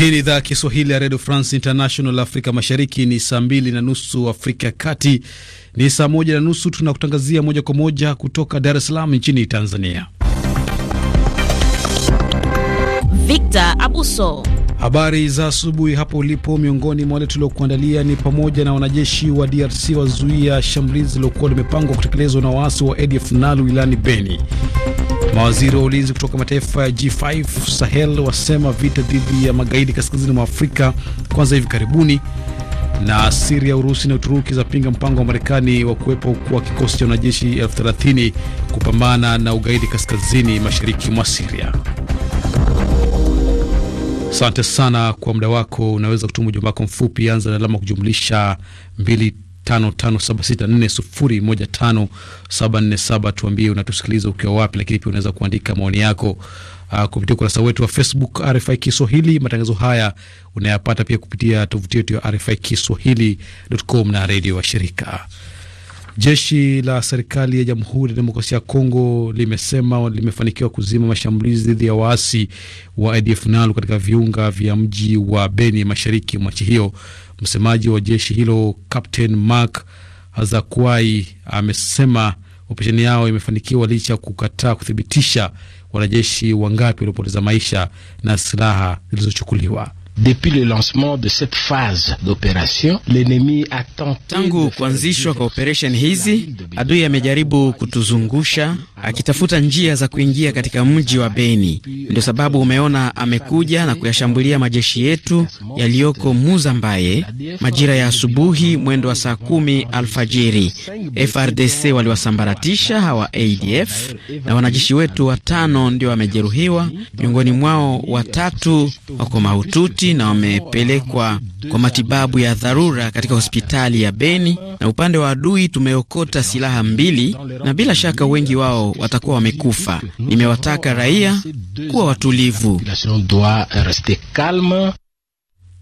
Hii ni idhaa ya Kiswahili ya redio France International. Afrika mashariki ni saa mbili na nusu, Afrika ya kati ni saa moja na nusu. Tunakutangazia moja kwa moja kutoka Dar es Salaam nchini Tanzania. Victor Abuso, habari za asubuhi hapo ulipo. Miongoni mwa wale tuliokuandalia ni pamoja na wanajeshi wa DRC wazuia shambulizi lilokuwa limepangwa kutekelezwa na waasi wa ADF NALU wilani Beni. Mawaziri wa ulinzi kutoka mataifa ya G5 Sahel wasema vita dhidi ya magaidi kaskazini mwa Afrika kwanza hivi karibuni. Na Siria, Urusi na Uturuki zapinga mpango wa Marekani wa kuwepo kwa kikosi cha wanajeshi elfu thelathini kupambana na ugaidi kaskazini mashariki mwa Siria. Asante sana kwa muda wako. Unaweza kutuma ujumbe wako mfupi, anza na alama kujumlisha 5576401577 tuambie unatusikiliza ukiwa wapi, lakini pia unaweza kuandika maoni yako uh, kupitia ukurasa wetu wa Facebook RFI Kiswahili. Matangazo haya unayapata pia kupitia tovuti yetu ya RFI Kiswahili.com na redio wa shirika. Jeshi la serikali ya Jamhuri ya Demokrasia ya Kongo limesema limefanikiwa kuzima mashambulizi dhidi ya waasi wa ADF NALU katika viunga vya mji wa Beni mashariki mwa nchi hiyo. Msemaji wa jeshi hilo Captain Mark Hazakuai amesema operesheni yao imefanikiwa licha ya kukataa kuthibitisha wanajeshi wangapi waliopoteza maisha na silaha zilizochukuliwa. Depuis le lancement de cette phase d'opération, l'ennemi a tenté. Tangu kuanzishwa kwa operesheni hizi, adui amejaribu kutuzungusha akitafuta njia za kuingia katika mji wa Beni. Ndio sababu umeona amekuja na kuyashambulia majeshi yetu yaliyoko Muzambaye majira ya asubuhi mwendo wa saa kumi alfajiri. FRDC waliwasambaratisha hawa ADF na wanajeshi wetu watano ndio wamejeruhiwa, miongoni mwao watatu wako mahututi na wamepelekwa kwa matibabu ya dharura katika hospitali ya Beni, na upande wa adui tumeokota silaha mbili, na bila shaka wengi wao watakuwa wamekufa. Nimewataka raia kuwa watulivu.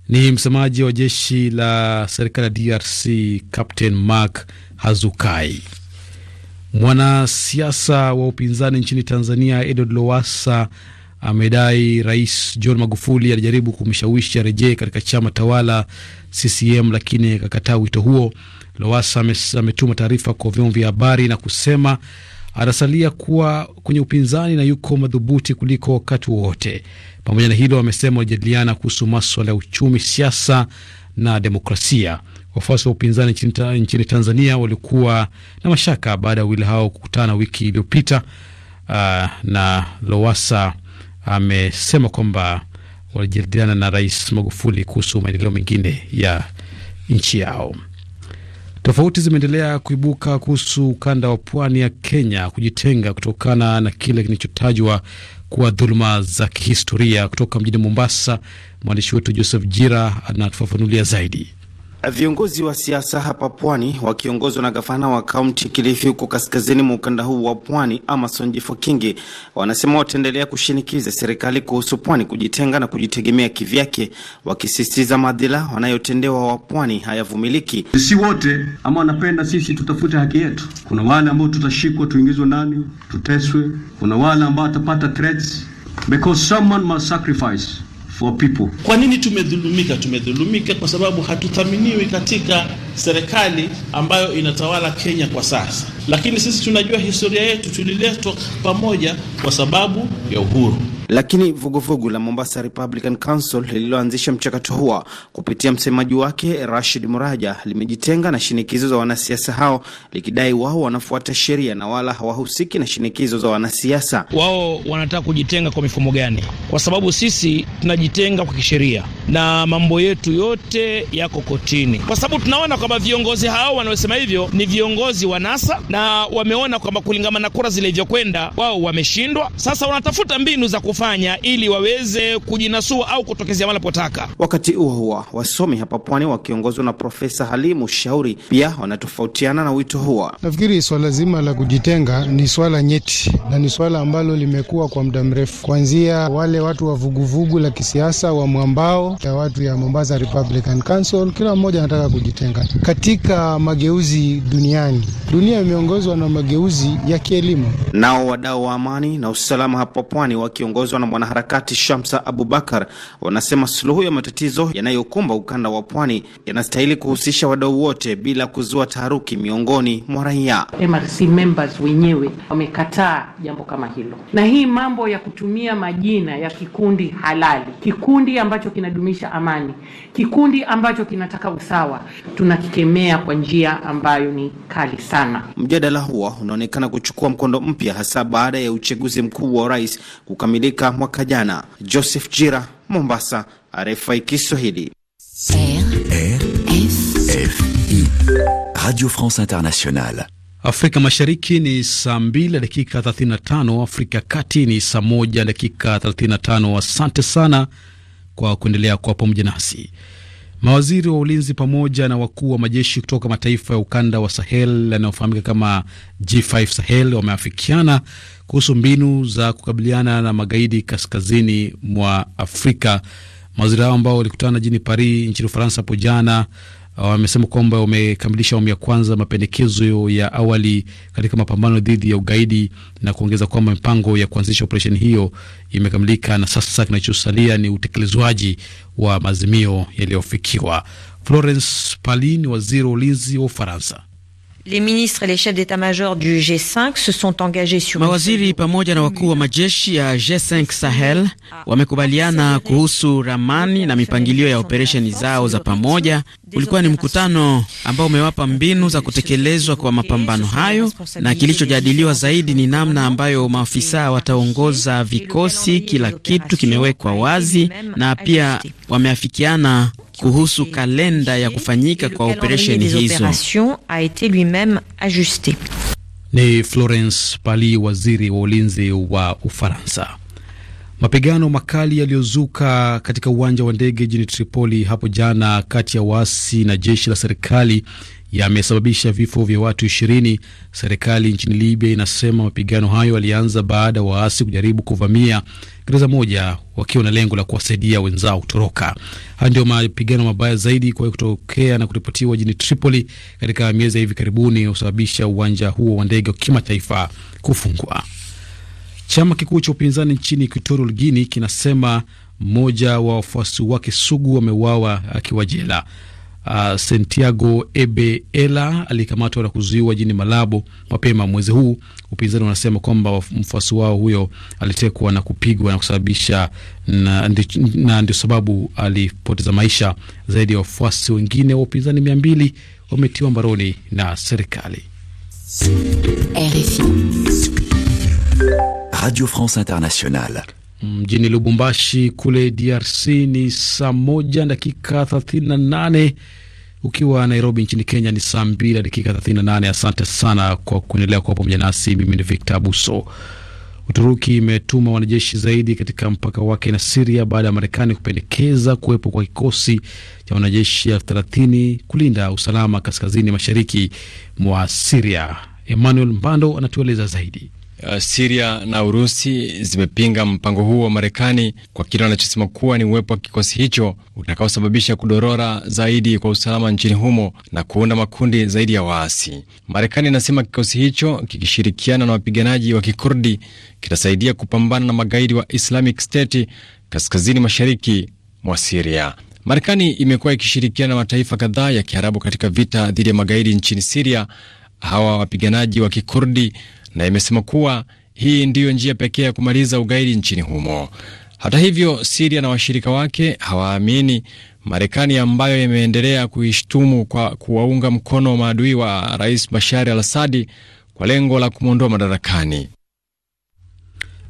Ni msemaji wa jeshi la serikali ya DRC Captain Mark Hazukai. Mwanasiasa wa upinzani nchini Tanzania Edward Lowassa amedai Rais John Magufuli alijaribu kumshawishi arejee katika chama tawala CCM, lakini akakataa wito huo. Lowassa ametuma taarifa kwa vyombo vya habari na kusema anasalia kuwa kwenye upinzani na yuko madhubuti kuliko wakati wowote. Pamoja na hilo, amesema walijadiliana kuhusu maswala ya uchumi, siasa na demokrasia. Wafuasi wa upinzani nchini Tanzania walikuwa na mashaka baada ya wawili hao kukutana wiki iliyopita, uh, na Lowassa amesema kwamba walijadiliana na Rais Magufuli kuhusu maendeleo mengine ya nchi yao. Tofauti zimeendelea kuibuka kuhusu ukanda wa pwani ya Kenya kujitenga kutokana na kile kinachotajwa kuwa dhuluma za kihistoria. Kutoka mjini Mombasa, mwandishi wetu Joseph Jira anatufafanulia zaidi. Viongozi wa siasa hapa pwani wakiongozwa na gavana wa kaunti Kilifi huko kaskazini mwa ukanda huu wa pwani Amason Kingi wanasema wataendelea kushinikiza serikali kuhusu pwani kujitenga na kujitegemea kivyake, wakisisitiza madhila wanayotendewa wa pwani hayavumiliki. Si wote ama wanapenda sisi tutafute haki yetu. Kuna wale ambao tutashikwa, tuingizwe ndani, tuteswe. Kuna wale ambao watapata threats because someone must sacrifice for people. Kwa nini tumedhulumika? Tumedhulumika kwa sababu hatuthaminiwi katika serikali ambayo inatawala Kenya kwa sasa, lakini sisi tunajua historia yetu, tuliletwa pamoja kwa sababu ya uhuru. Lakini vuguvugu la Mombasa Republican Council lililoanzisha mchakato huo kupitia msemaji wake Rashid Muraja limejitenga na shinikizo za wanasiasa hao likidai wao wanafuata sheria na wala hawahusiki na shinikizo za wanasiasa. Wao wanataka kujitenga kwa mifumo gani? Kwa sababu sisi tunajitenga kwa kisheria na mambo yetu yote yako kotini, kwa sababu tunaona kwamba viongozi hao wanaosema hivyo ni viongozi wa NASA na wameona kwamba kulingana na kura zilivyokwenda wao wameshindwa. Sasa wanatafuta mbinu za kufanya ili waweze kujinasua au kutokezea wanapotaka. Wakati huo huo, wasomi hapa pwani wakiongozwa na Profesa Halimu Shauri pia wanatofautiana na wito huo. Nafikiri swala zima la kujitenga ni swala nyeti na ni swala ambalo limekuwa kwa muda mrefu, kuanzia wale watu wa vuguvugu la kisiasa wa mwambao ya watu ya Mombasa Republican Council, kila mmoja anataka kujitenga. Katika mageuzi duniani, dunia imeongozwa na mageuzi ya kielimu. Nao wadau wa amani na usalama hapa pwani wakiongozwa wakiongozwa na mwanaharakati Shamsa Abubakar wanasema suluhu ya matatizo yanayokumba ukanda wa pwani yanastahili kuhusisha wadau wote bila kuzua taharuki miongoni mwa raia. MRC members wenyewe wamekataa jambo kama hilo, na hii mambo ya kutumia majina ya kikundi halali, kikundi ambacho kinadumisha amani, kikundi ambacho kinataka usawa, tunakikemea kwa njia ambayo ni kali sana. Mjadala huo unaonekana kuchukua mkondo mpya, hasa baada ya uchaguzi mkuu wa rais kukamilika Afrika mwaka jana. Joseph Jira, Mombasa, RFI Kiswahili. RFI, Radio France Internationale. Afrika Mashariki ni saa 2 dakika 35, Afrika Kati ni saa 1 dakika 35. Asante sana kwa kuendelea kwa pamoja nasi. Mawaziri wa ulinzi pamoja na wakuu wa majeshi kutoka mataifa ya ukanda wa Sahel yanayofahamika kama G5 Sahel wameafikiana kuhusu mbinu za kukabiliana na magaidi kaskazini mwa Afrika. Mawaziri hao ambao walikutana jini Paris nchini Ufaransa hapo jana uh, wamesema kwamba wamekamilisha awamu ya kwanza mapendekezo ya awali katika mapambano dhidi ya ugaidi na kuongeza kwamba mipango ya kuanzisha operesheni hiyo imekamilika na sasa kinachosalia ni utekelezwaji wa maazimio yaliyofikiwa. Florence Parly ni waziri wa ulinzi wa Ufaransa. Les ministres et les chefs d'état-major du G5 se sont engagés sur Mawaziri pamoja na wakuu wa majeshi ya G5 Sahel ah. wamekubaliana kuhusu ramani na mipangilio ya operesheni zao za pamoja Ulikuwa ni mkutano ambao umewapa mbinu za kutekelezwa kwa mapambano hayo, na kilichojadiliwa zaidi ni namna ambayo maafisa wataongoza vikosi. Kila kitu kimewekwa wazi, na pia wameafikiana kuhusu kalenda ya kufanyika kwa operesheni hizo. Ni Florence Pali, waziri wa ulinzi wa Ufaransa. Mapigano makali yaliyozuka katika uwanja wa ndege jijini Tripoli hapo jana kati ya waasi na jeshi la serikali yamesababisha vifo vya watu ishirini. Serikali nchini Libya inasema mapigano hayo yalianza baada ya waasi kujaribu kuvamia gereza moja wakiwa na lengo la kuwasaidia wenzao kutoroka. Haya ndio mapigano mabaya zaidi kuwahi kutokea na kuripotiwa jini Tripoli katika miezi ya hivi karibuni, husababisha uwanja huo wa ndege wa kimataifa kufungwa. Chama kikuu cha upinzani nchini Equatorial Guinea kinasema mmoja wa wafuasi wake sugu wameuawa akiwa jela. Uh, Santiago Ebela alikamatwa na kuzuiwa jini Malabo mapema mwezi huu. Upinzani wanasema kwamba mfuasi wao huyo alitekwa na kupigwa na kusababisha, na ndio sababu alipoteza maisha. Zaidi ya wafuasi wengine wa upinzani mia mbili wametiwa mbaroni na serikali RFI. Radio France Internationale. Mjini mm, Lubumbashi kule DRC ni saa moja dakika 38, ukiwa Nairobi nchini Kenya ni saa mbili dakika 38. Asante sana kwa kuendelea kuwa pamoja nasi. Mimi ni Victor Buso. Uturuki imetuma wanajeshi zaidi katika mpaka wake na Siria baada ya Marekani kupendekeza kuwepo kwa kikosi cha wanajeshi elfu thelathini kulinda usalama kaskazini mashariki mwa Siria. Emmanuel Mbando anatueleza zaidi uh, Siria na Urusi zimepinga mpango huo wa Marekani kwa kile wanachosema kuwa ni uwepo wa kikosi hicho utakaosababisha kudorora zaidi kwa usalama nchini humo na kuunda makundi zaidi ya waasi. Marekani inasema kikosi hicho kikishirikiana na wapiganaji wa Kikurdi kitasaidia kupambana na magaidi wa Islamic State kaskazini mashariki mwa Siria. Marekani imekuwa ikishirikiana na mataifa kadhaa ya Kiarabu katika vita dhidi ya magaidi nchini Siria. Hawa wapiganaji wa Kikurdi na imesema kuwa hii ndiyo njia pekee ya kumaliza ugaidi nchini humo. Hata hivyo, Siria na washirika wake hawaamini Marekani ambayo imeendelea kuishtumu kwa kuwaunga mkono maadui wa Rais Bashar al Assadi kwa lengo la kumwondoa madarakani.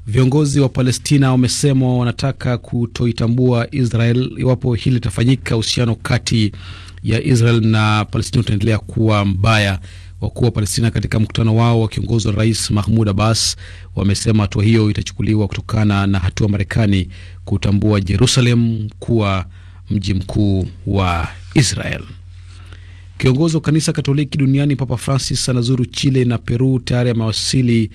Viongozi wa Palestina wamesema wanataka kutoitambua Israel iwapo hili litafanyika. Uhusiano kati ya Israel na Palestina utaendelea kuwa mbaya. Wakuu wa Palestina katika mkutano wao wakiongozwa na Rais Mahmud Abbas wamesema hatua hiyo itachukuliwa kutokana na hatua Marekani kutambua Jerusalem kuwa mji mkuu wa Israel. Kiongozi wa kanisa Katoliki duniani Papa Francis anazuru Chile na Peru. Tayari amewasili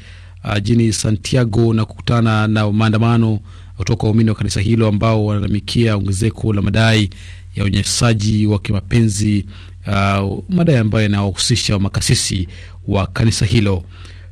jini uh, Santiago na kukutana na maandamano kutoka waumini wa kanisa hilo ambao wanalalamikia ongezeko la madai ya unyanyasaji wa kimapenzi uh, madai ambayo yanawahusisha makasisi wa kanisa hilo.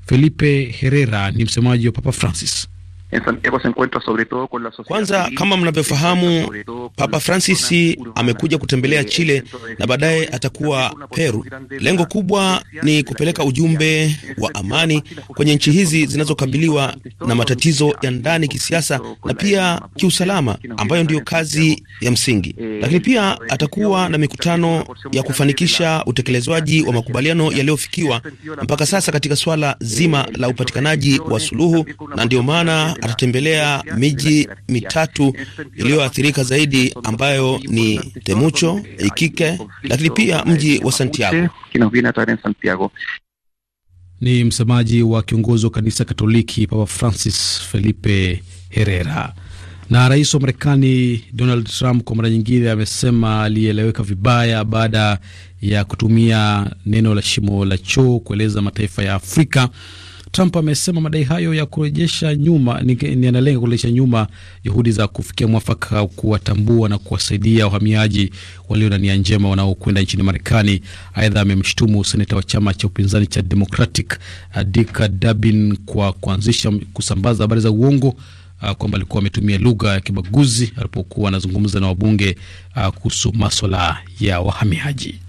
Felipe Herrera ni msemaji wa Papa Francis. En Santiago se encuentra sobre todo con la sociedad. Kwanza, kama mnavyofahamu, Papa Francis amekuja kutembelea eh, Chile na baadaye atakuwa Peru. Lengo kubwa ni kupeleka ujumbe wa amani kwenye nchi hizi zinazokabiliwa na matatizo ya ndani kisiasa na pia kiusalama, ambayo ndiyo kazi ya msingi. Eh, Lakini pia atakuwa na mikutano ya kufanikisha utekelezwaji wa makubaliano yaliyofikiwa mpaka sasa katika swala eh, zima la upatikanaji wa suluhu, na ndiyo maana atatembelea miji mitatu iliyoathirika zaidi ambayo ni Temucho, Iquique, lakini pia mji wa Santiago. Ni msemaji wa kiongozi wa kanisa Katoliki Papa Francis Felipe Herrera. Na rais wa Marekani Donald Trump kwa mara nyingine amesema alieleweka vibaya baada ya kutumia neno la shimo la choo kueleza mataifa ya Afrika Trump amesema madai hayo ya kurejesha nyuma ni yanalenga kurejesha nyuma juhudi za kufikia mwafaka, kuwatambua na kuwasaidia wahamiaji walio na nia njema wanaokwenda nchini Marekani. Aidha, amemshutumu seneta wa chama cha upinzani cha Democratic uh, Dick Durbin kwa kuanzisha kusambaza habari za uongo Uh, kwamba alikuwa ametumia lugha ya kibaguzi alipokuwa anazungumza na wabunge uh, kuhusu maswala ya wahamiaji.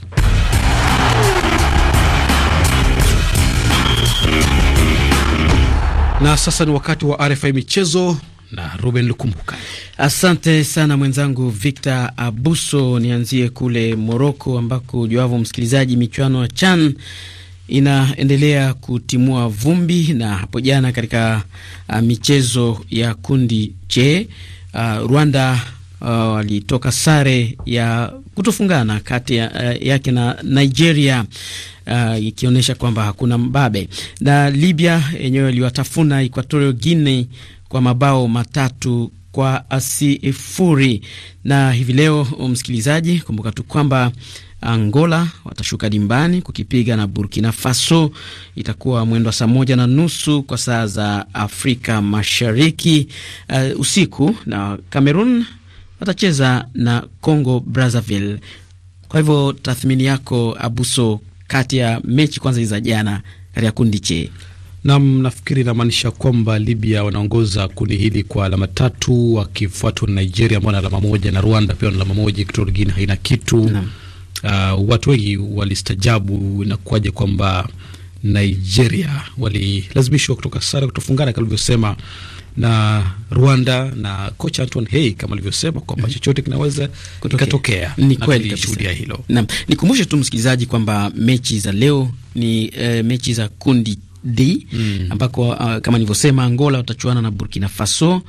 Na sasa ni wakati wa RFI michezo na Ruben Lukumbuka. Asante sana mwenzangu Victor Abuso. Nianzie kule Moroko ambako juavo msikilizaji, michuano ya CHAN inaendelea kutimua vumbi, na hapo jana katika uh, michezo ya kundi c uh, Rwanda uh, walitoka uh, sare ya kutofungana kati ya, uh, yake na Nigeria uh, ikionyesha kwamba hakuna mbabe. Na Libya yenyewe iliwatafuna Equatorial Guinea kwa mabao matatu kwa asifuri. Na hivi leo, msikilizaji, kumbuka tu kwamba Angola watashuka dimbani kukipiga na Burkina Faso. Itakuwa mwendo wa saa moja na nusu kwa saa za Afrika Mashariki uh, usiku, na Cameroon watacheza na Congo Brazzaville. Kwa hivyo tathmini yako Abuso kati ya mechi kwanza za jana katika kundi che nam nafikiri inamaanisha kwamba Libya wanaongoza kundi hili kwa alama tatu, wakifuatwa na Nigeria ambao na alama moja na Rwanda pia na alama moja, kitu lingine haina kitu. Uh, watu wengi walistajabu inakuwaje kwamba Nigeria walilazimishwa kutoka sare kutofungana kama alivyosema na Rwanda na kocha Antoine Hey kama alivyosema kwamba mm -hmm. chochote kinaweza kutokea. Ni kweli shuhudia hilo. Naam, nikumbushe tu msikilizaji kwamba mechi za leo ni e, mechi za kundi D mm. ambako uh, kama nilivyosema Angola watachuana na Burkina Faso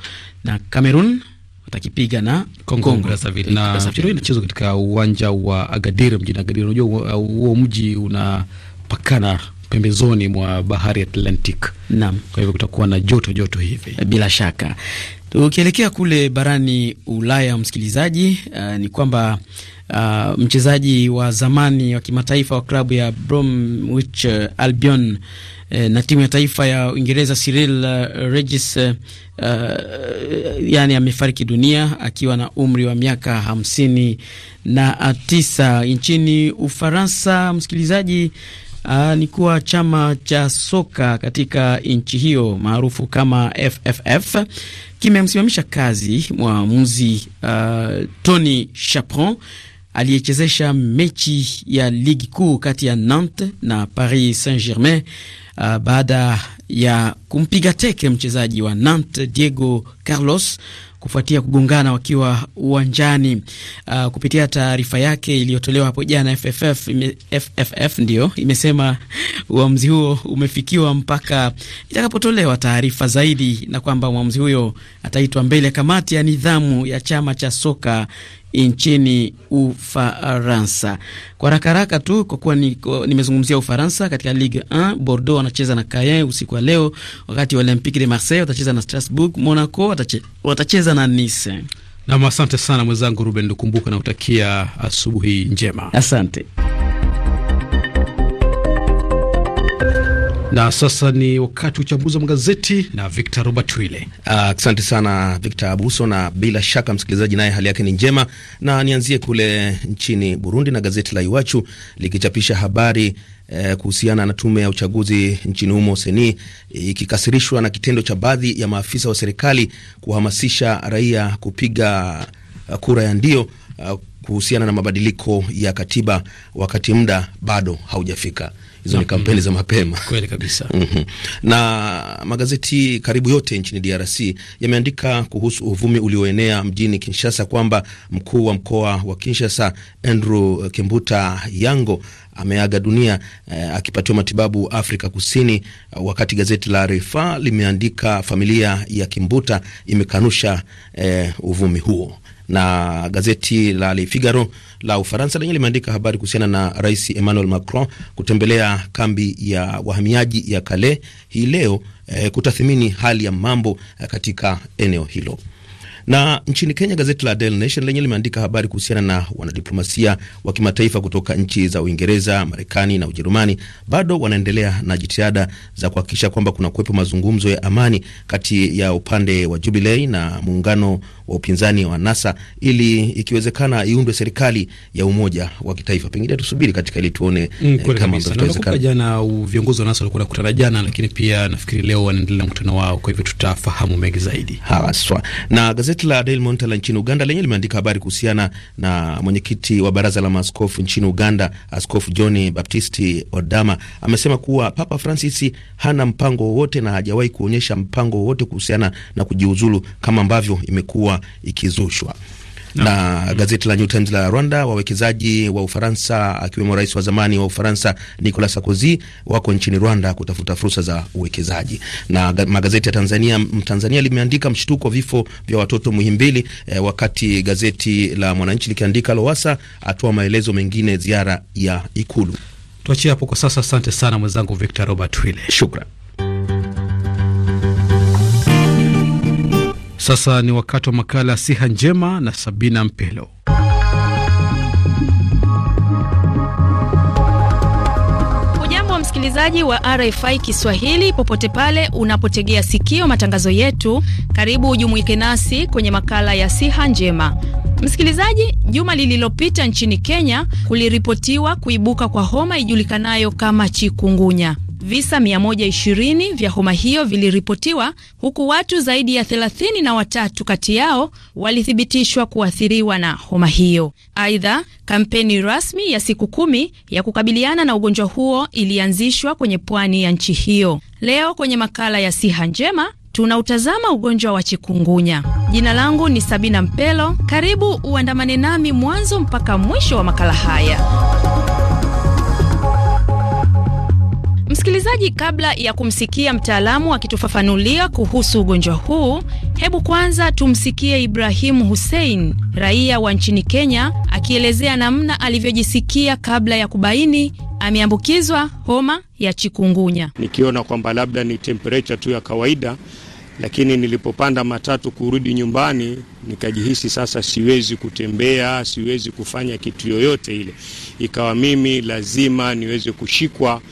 na Cameroon watakipiga na Kongo Brazzaville, na mchezo inachezwa katika uwanja wa Agadir mjini Agadir. Unajua uh, huo mji unapakana pembezoni mwa bahari Atlantic. Naam. Kwa hivyo kutakuwa na joto joto hivi eh, bila shaka. Ukielekea kule barani Ulaya, msikilizaji, uh, ni kwamba uh, mchezaji wa zamani wa kimataifa wa klabu ya Bromwich uh, Albion na timu ya taifa ya Uingereza Cyril uh, Regis uh, yani amefariki dunia akiwa na umri wa miaka hamsini na tisa nchini Ufaransa. Msikilizaji, uh, ni kuwa chama cha soka katika nchi hiyo maarufu kama FFF kimemsimamisha kazi mwamuzi uh, Tony Chapron aliyechezesha mechi ya ligi kuu kati ya Nantes na Paris Saint-Germain uh, baada ya kumpiga teke mchezaji wa Nantes Diego Carlos kufuatia kugongana wakiwa uwanjani. Uh, kupitia taarifa yake iliyotolewa hapo jana FFF, FFF ndio imesema uamuzi huo umefikiwa mpaka itakapotolewa taarifa zaidi, na kwamba mwamuzi huyo ataitwa mbele kamati ya nidhamu ya chama cha soka nchini Ufaransa. Kwa haraka haraka tu kwa kuwa nimezungumzia ni Ufaransa, katika Ligue 1 Bordeaux wanacheza na Caen usiku wa leo, wakati Olympique de Marseille watacheza na Strasbourg, Monaco watache, watacheza na Nice. Nam, asante sana mwenzangu Ruben na utakia asubuhi njema. Asante. Na sasa ni wakati wa uchambuzi wa magazeti na Victor Robert Wile. Ah, asante uh, sana Victor Abuso, na bila shaka msikilizaji naye hali yake ni njema, na nianzie kule nchini Burundi na gazeti la Iwachu likichapisha habari eh, kuhusiana na tume ya uchaguzi nchini humo seni ikikasirishwa na kitendo cha baadhi ya maafisa wa serikali kuhamasisha raia kupiga uh, kura ya ndio uh, kuhusiana na mabadiliko ya katiba wakati muda bado haujafika hizo ni mm-hmm. kampeni za mapema kweli kabisa. Mm-hmm. Na magazeti karibu yote nchini DRC yameandika kuhusu uvumi ulioenea mjini Kinshasa kwamba mkuu wa mkoa wa Kinshasa Andrew Kembuta Yango ameaga dunia eh, akipatiwa matibabu Afrika Kusini, wakati gazeti la Refa limeandika familia ya Kimbuta imekanusha eh, uvumi huo, na gazeti la Le Figaro la Ufaransa lenye limeandika habari kuhusiana na Rais Emmanuel Macron kutembelea kambi ya wahamiaji ya Calais hii leo eh, kutathmini hali ya mambo eh, katika eneo hilo. Na nchini Kenya, gazeti la Daily Nation lenye limeandika habari kuhusiana na wanadiplomasia wa kimataifa kutoka nchi za Uingereza, Marekani na Ujerumani bado wanaendelea na jitihada za kuhakikisha kwamba kuna kuwepo mazungumzo ya amani kati ya upande wa Jubilei na muungano wa upinzani wa NASA ili ikiwezekana iundwe serikali ya umoja wa kitaifa. Pengine tusubiri katika ili tuone eh, mm, kama itawezekana. Jana viongozi wa NASA walikuwa wanakutana jana, lakini pia nafikiri leo wanaendelea mkutano wao, kwa hivyo tutafahamu mengi zaidi. Haswa. Na gazeti Gazeti la Daily Monitor nchini Uganda lenye limeandika habari kuhusiana na mwenyekiti wa baraza la maaskofu nchini Uganda, Askofu John Baptisti Odama amesema kuwa Papa Francis hana mpango wowote na hajawahi kuonyesha mpango wowote kuhusiana na kujiuzulu kama ambavyo imekuwa ikizushwa na gazeti la New Times la Rwanda, wawekezaji wa Ufaransa akiwemo rais wa zamani wa Ufaransa Nicolas Sarkozy wako nchini Rwanda kutafuta fursa za uwekezaji. Na magazeti ya Tanzania, Mtanzania limeandika mshtuko vifo vya watoto Muhimbili, eh, wakati gazeti la Mwananchi likiandika Lowasa atoa maelezo mengine ziara ya Ikulu. Tuachie hapo kwa sasa. Asante sana mwenzangu Victor Robert Wile, shukran. Sasa ni wakati wa makala Siha Njema na Sabina Mpelo. Msikilizaji wa RFI Kiswahili popote pale unapotegea sikio matangazo yetu, karibu ujumuike nasi kwenye makala ya siha njema. Msikilizaji, juma lililopita nchini Kenya kuliripotiwa kuibuka kwa homa ijulikanayo kama chikungunya. Visa 120 vya homa hiyo viliripotiwa huku watu zaidi ya 30 na watatu kati yao walithibitishwa kuathiriwa na homa hiyo. Aidha, kampeni rasmi ya siku kumi ya kukabiliana na ugonjwa huo ilianzishwa kwenye pwani ya nchi hiyo. Leo kwenye makala ya Siha Njema tunautazama ugonjwa wa chikungunya. Jina langu ni Sabina Mpelo, karibu uandamane nami mwanzo mpaka mwisho wa makala haya. Msikilizaji, kabla ya kumsikia mtaalamu akitufafanulia kuhusu ugonjwa huu, hebu kwanza tumsikie Ibrahimu Hussein, raia wa nchini Kenya, akielezea namna alivyojisikia kabla ya kubaini ameambukizwa homa ya chikungunya. Nikiona kwamba labda ni temperature tu ya kawaida, lakini nilipopanda matatu kurudi nyumbani nikajihisi sasa siwezi kutembea, siwezi kufanya kitu yoyote ile, ikawa mimi lazima niweze kushikwa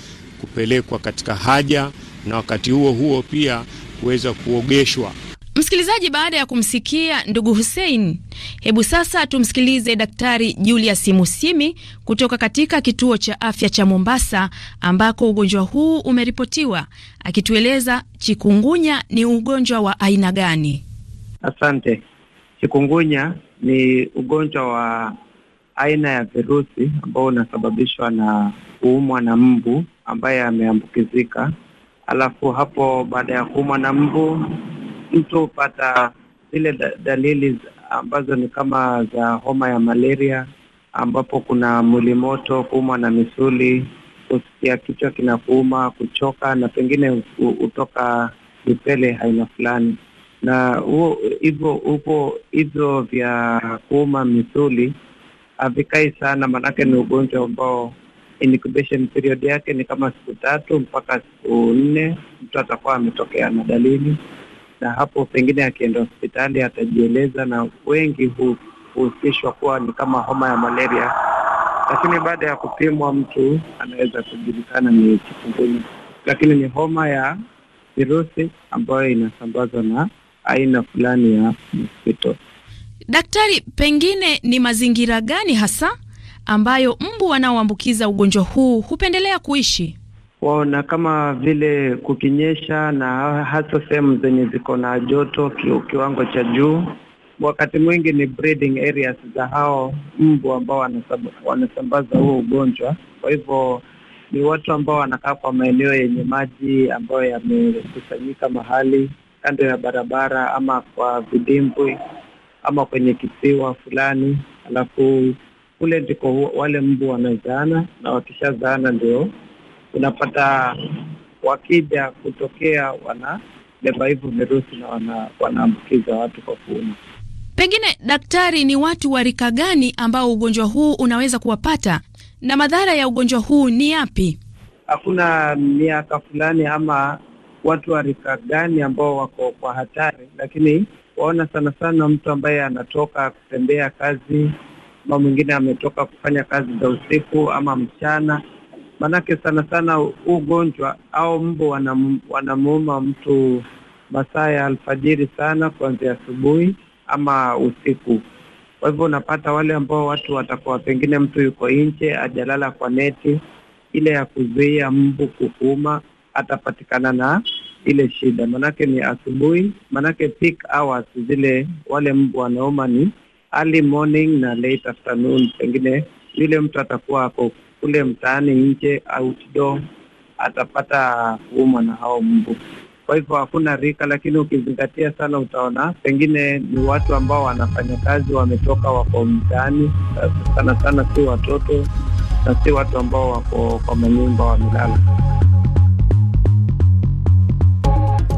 kupelekwa katika haja na wakati huo huo pia kuweza kuogeshwa. Msikilizaji, baada ya kumsikia ndugu Hussein, hebu sasa tumsikilize Daktari Julius Musimi kutoka katika kituo cha afya cha Mombasa ambako ugonjwa huu umeripotiwa, akitueleza chikungunya ni ugonjwa wa aina gani. Asante. Chikungunya ni ugonjwa wa aina ya virusi ambao unasababishwa na kuumwa na mbu ambaye ameambukizika. Alafu hapo baada ya kuumwa na mbu, mtu hupata zile da dalili ambazo ni kama za homa ya malaria, ambapo kuna mwili moto, kuumwa na misuli, kusikia kichwa kinakuuma, kuchoka na pengine hutoka vipele aina fulani na huo hivyo hivyo vya kuuma misuli havikai sana, maanake ni ugonjwa ambao incubation period yake ni kama siku tatu mpaka siku nne, mtu atakuwa ametokea na dalili, na hapo pengine akienda hospitali atajieleza, na wengi huhusishwa kuwa ni kama homa ya malaria, lakini baada ya kupimwa mtu anaweza kujulikana ni chikungunya, lakini ni homa ya virusi ambayo inasambazwa na aina fulani ya mosquito. Daktari, pengine ni mazingira gani hasa ambayo mbu wanaoambukiza ugonjwa huu hupendelea kuishi. Waona kama vile kukinyesha, na hasa sehemu zenye ziko na joto kiwango cha juu, wakati mwingi ni breeding areas za hao mbu ambao wanasambaza huo ugonjwa. Kwa hivyo ni watu ambao wanakaa kwa maeneo yenye maji ambayo yamekusanyika mahali kando ya barabara, ama kwa vidimbwi, ama kwenye kisiwa fulani, alafu kule ndiko wale mbu wanazaana, na wakishazaana ndio unapata wakija kutokea wanabeba hivyo virusi na wana, wanaambukiza watu kwa kuuma. Pengine daktari, ni watu wa rika gani ambao ugonjwa huu unaweza kuwapata na madhara ya ugonjwa huu ni yapi? Hakuna miaka fulani ama watu wa rika gani ambao wako kwa hatari, lakini waona sana sana mtu ambaye anatoka kutembea kazi ama mwingine ametoka kufanya kazi za usiku ama mchana. Maanake sana sana ugonjwa au mbu wanam, wanamuuma mtu masaa ya alfajiri sana kuanzia asubuhi ama usiku. Kwa hivyo unapata wale ambao watu watakuwa pengine mtu yuko nje ajalala kwa neti ile ya kuzuia mbu kukuuma, atapatikana na ile shida, maanake ni asubuhi, maanake peak hours zile wale mbu wanauma ni early morning na late afternoon. Pengine yule mtu atakuwa ako kule mtaani nje, outdoor, atapata kuumwa na hao mbu. Kwa hivyo hakuna rika, lakini ukizingatia sana utaona pengine ni watu ambao wanafanya kazi, wametoka, wako mtaani, sana sana si watoto na si watu ambao wako kwa manyumba wamelala.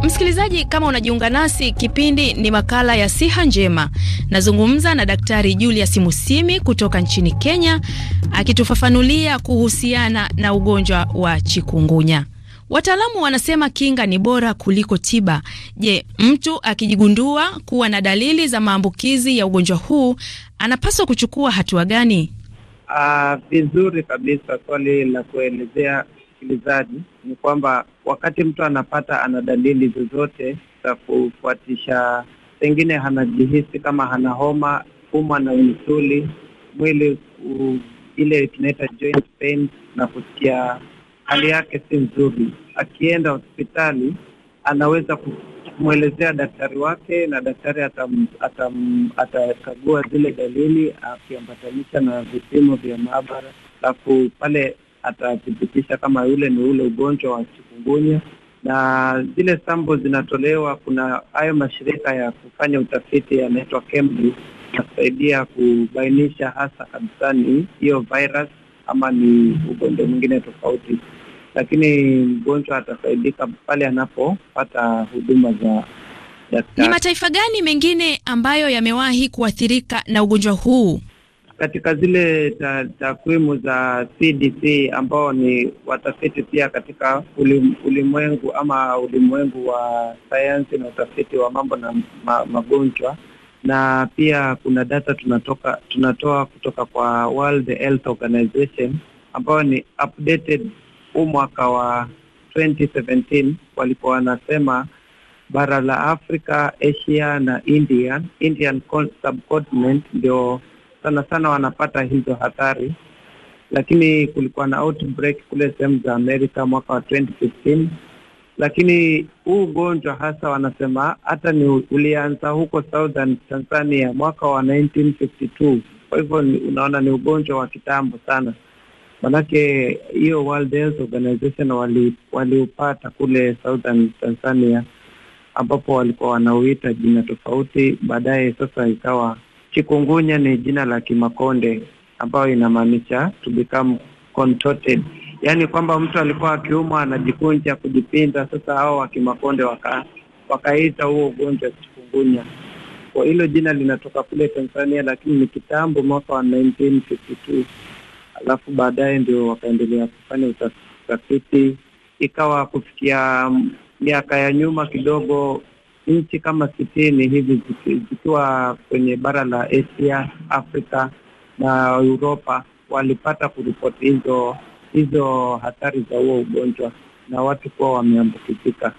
Msikilizaji, kama unajiunga nasi, kipindi ni makala ya siha njema. Nazungumza na Daktari Julius Musimi kutoka nchini Kenya, akitufafanulia kuhusiana na ugonjwa wa chikungunya. Wataalamu wanasema kinga ni bora kuliko tiba. Je, mtu akijigundua kuwa na dalili za maambukizi ya ugonjwa huu anapaswa kuchukua hatua gani? Ah, vizuri kabisa swali la kuelezea wasikilizaji ni kwamba wakati mtu anapata ana dalili zozote za kufuatisha, pengine anajihisi kama hana homa, kuma na misuli, mwili ile tunaita joint pain na kusikia hali yake si nzuri, akienda hospitali anaweza kumwelezea daktari wake na daktari atakagua zile dalili akiambatanisha na vipimo vya maabara, alafu pale atathibitisha kama yule ni ule ugonjwa wa chikungunya, na zile sambo zinatolewa. Kuna hayo mashirika ya kufanya utafiti yanaitwa KEMRI, yakusaidia kubainisha hasa kabisa ni hiyo virus ama ni ugonjwa mwingine tofauti, lakini mgonjwa atasaidika pale anapopata huduma za daktari. Ni mataifa gani mengine ambayo yamewahi kuathirika na ugonjwa huu? katika zile takwimu za CDC ambao ni watafiti pia katika ulim, ulimwengu ama ulimwengu wa sayansi na utafiti wa mambo na ma, magonjwa na pia kuna data tunatoka tunatoa kutoka kwa World Health Organization ambayo ni updated huu mwaka wa 2017 walikuwa wanasema bara la Afrika, Asia na India, Indian subcontinent ndio sana sana wanapata hizo hatari, lakini kulikuwa na outbreak kule sehemu za Amerika mwaka wa 2015 lakini huu ugonjwa hasa wanasema hata ni ulianza huko Southern Tanzania mwaka wa 1952 kwa hivyo unaona ni ugonjwa wa kitambo sana, manake hiyo World Health Organization waliupata wali kule Southern Tanzania ambapo walikuwa wanauita jina tofauti, baadaye sasa ikawa Chikungunya ni jina la Kimakonde ambayo inamaanisha to become contorted, yaani kwamba mtu alikuwa akiumwa anajikunja kujipinda. Sasa hao Wakimakonde waka wakaita huo ugonjwa chikungunya. Kwa hilo jina linatoka kule Tanzania, lakini ni kitambo, mwaka wa 1952 alafu baadaye ndio wakaendelea kufanya utafiti, ikawa kufikia miaka ya nyuma kidogo nchi kama sitini hivi zikiwa kwenye bara la Asia, Afrika na Uropa walipata kuripoti hizo hizo hatari za huo ugonjwa na watu kuwa wameambukizika.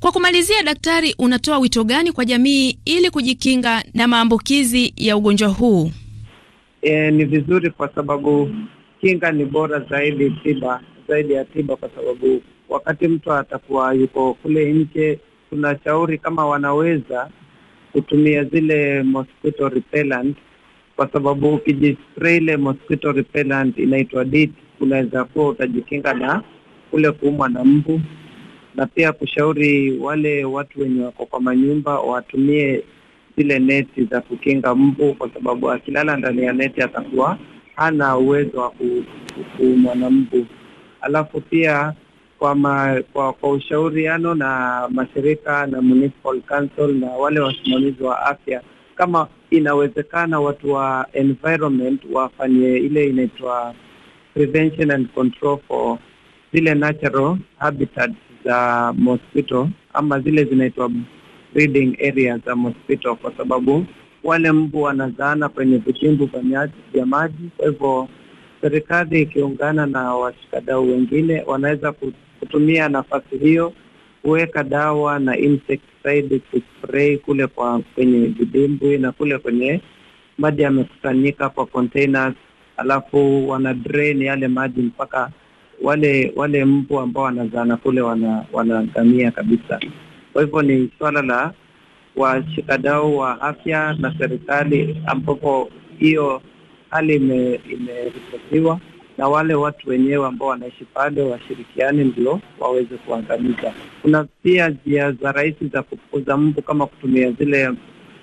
Kwa kumalizia, daktari, unatoa wito gani kwa jamii ili kujikinga na maambukizi ya ugonjwa huu? E, ni vizuri kwa sababu kinga ni bora zaidi tiba, zaidi ya tiba, kwa sababu wakati mtu atakuwa yuko kule nje tunashauri kama wanaweza kutumia zile mosquito repellent, kwa sababu ukijispray ile mosquito repellent inaitwa DEET, unaweza kuwa utajikinga na kule kuumwa na mbu, na pia kushauri wale watu wenye wako kwa manyumba watumie zile neti za kukinga mbu, kwa sababu akilala ndani ya neti atakuwa hana uwezo wa kuumwa na mbu. Alafu pia kwa, ma, kwa, kwa ushauriano na mashirika na municipal council na wale wasimamizi wa afya, kama inawezekana watu wa environment wafanye ile inaitwa prevention and control for zile natural habitats za mosquito ama zile zinaitwa breeding areas za mosquito, kwa sababu wale mbu wanazaana kwenye vitimbu vya maji, kwa hivyo serikali ikiungana na washikadau wengine wanaweza kutumia nafasi hiyo kuweka dawa na insecticide kuspray kule kwa kwenye vidimbwi na kule kwenye maji yamekusanyika kwa containers, alafu wana drain yale maji mpaka wale wale mbu ambao wanazana kule wanadhamia wana kabisa. Kwa hivyo ni suala la washikadau wa afya na serikali, ambapo hiyo hali imeripotiwa ime na wale watu wenyewe ambao wanaishi pale washirikiane ndio waweze kuangamiza. Kuna pia njia za rahisi za kufukuza mbu kama kutumia zile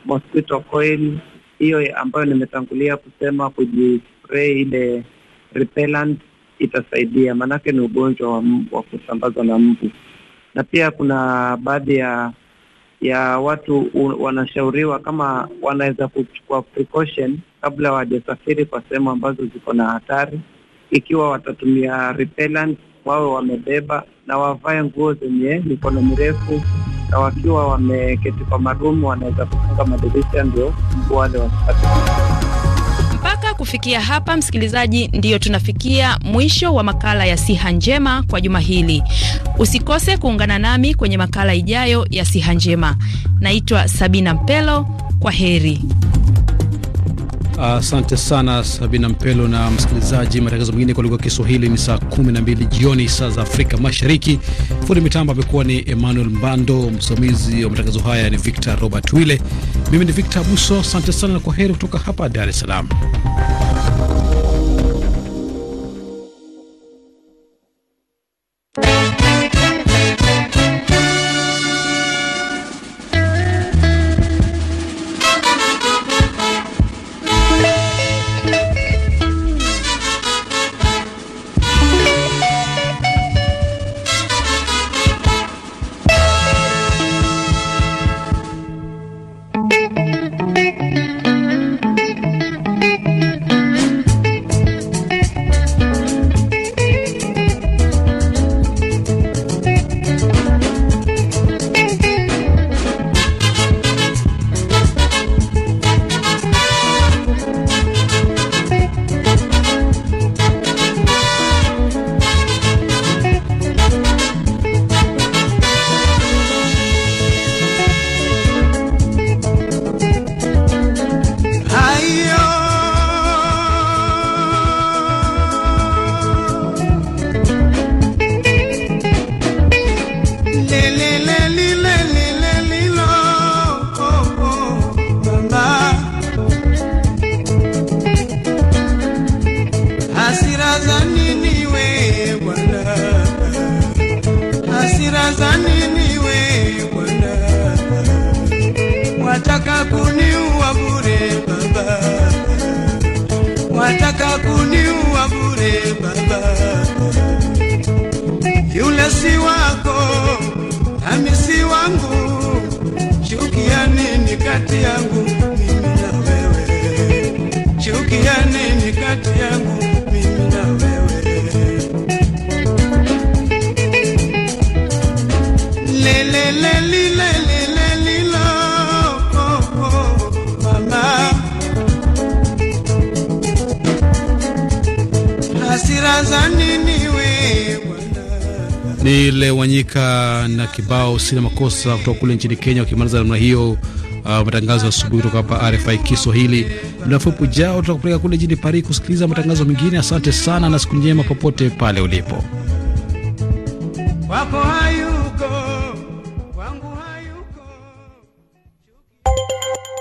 mosquito coil, hiyo ambayo nimetangulia kusema, kujispray ile repellent itasaidia, maanake ni ugonjwa wa mbu, wa kusambazwa na mbu. Na pia kuna baadhi ya ya watu wanashauriwa kama wanaweza kuchukua precaution kabla wajasafiri kwa sehemu ambazo ziko na hatari. Ikiwa watatumia repellent, wawe wamebeba na wavae nguo zenye mikono mirefu, na wakiwa wameketi kwa marumu, wanaweza kufunga madirisha ndio wale wasipate mpaka kufikia hapa, msikilizaji, ndiyo tunafikia mwisho wa makala ya siha njema kwa juma hili. Usikose kuungana nami kwenye makala ijayo ya siha njema. Naitwa Sabina Mpelo, kwa heri. Asante uh, sana Sabina Mpelo na msikilizaji. Matangazo mengine kwa lugha ya Kiswahili ni saa 12 jioni saa za Afrika Mashariki. Fundi mitambo amekuwa ni Emmanuel Mbando, msimamizi wa matangazo haya ni Victor Robert Wile, mimi ni Victor Buso. Asante sana na kwa heri kutoka hapa Dar es Salaam. wataka kuniua bure baba, yule si wako nami si wangu, ya nini kati yangu mimi na wewe? ya nini kati yangu mimi na wewe? lelelelile ni Lewanyika na kibao sina makosa kutoka kule nchini Kenya. Ukimaliza namna hiyo, uh, matangazo ya asubuhi kutoka hapa RFI Kiswahili. Muda mfupi ujao tutakupeleka kule jijini Paris kusikiliza matangazo mengine. Asante sana na siku njema popote pale ulipo.